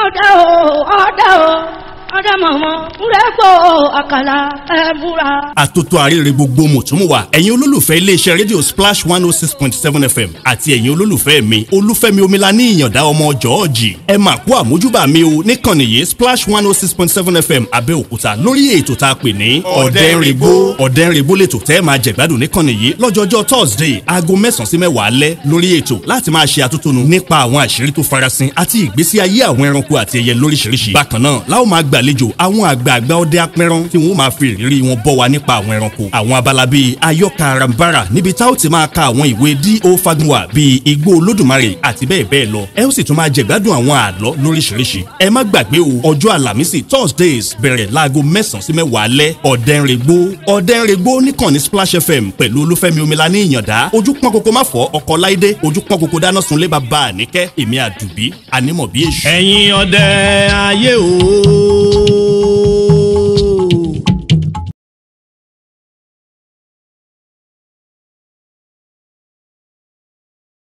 ọ̀dà o ọ̀dà o ọ̀dà mọ̀mọ́ múrẹ́fọ́ akala ẹ̀ múra àtòtò àrèrè gbogbo mùtúmùwà ẹ̀yin olólùfẹ́ iléeṣẹ́ rédíò splash one oh six point seven fm àti ẹ̀yin olólùfẹ́ mi olúfẹ́mi omila ní ìyàndá ọmọ jọ́ọ̀jì ẹ máa kú àmójúbà mi o níkànnì yìí splash one oh six point seven fm abẹ́òkúta lórí ètò tá a pè ní ọ̀dẹ́rìnbó ọ̀dẹ́rìnbó lètò tẹ́ máa jẹ̀gbádùn níkànnì yìí lọ́jọ́jọ́ thursday aago mẹ́sàn-án sí mẹ́wàá alẹ́ lórí ètò láti máa ṣe àtúntònú nípa àwọn àṣírí tó farasin àti ìgbésí ayé àwọn ẹranko àti ẹyẹ lóríṣiríṣi bákan náà láwọn máa gbàlejò àwọn àgbààgbà ọdẹ apẹran tí wọn máa fi ìrírí wọn bọ́ wa ní nípa àwọn ẹranko. àwọn abala bíi ayọ́ka arambara níbi tá ó ti máa ka àwọn ìwé D.O. Fagua bíi igbó olódùmarè àti bẹ́ẹ̀ bẹ́ẹ̀ lọ ẹ ó sì tún máa jẹ̀gbádùn àwọn àlọ́ lóríṣiríṣi. ẹ má gbàgbé o ọjọ́ àlàmísì Thursdays bẹ̀rẹ̀ láago mẹ́sàn-án sí mẹ́wàá alẹ́ ọ̀dẹ́nrẹ́gbó ọ̀dẹ́nrẹ́gbó níkànnì Splash FM pẹ̀lú olúfẹ́mi omilani ìyàndá ojú pọ́n kókó má fọ́ ọkọ̀ láìdé ojú koko kókó dáná sunlé bàbá àníkẹ́ èmi àdùbí ànímọ̀ bí èṣù. ẹ̀yin ọdẹ ayé o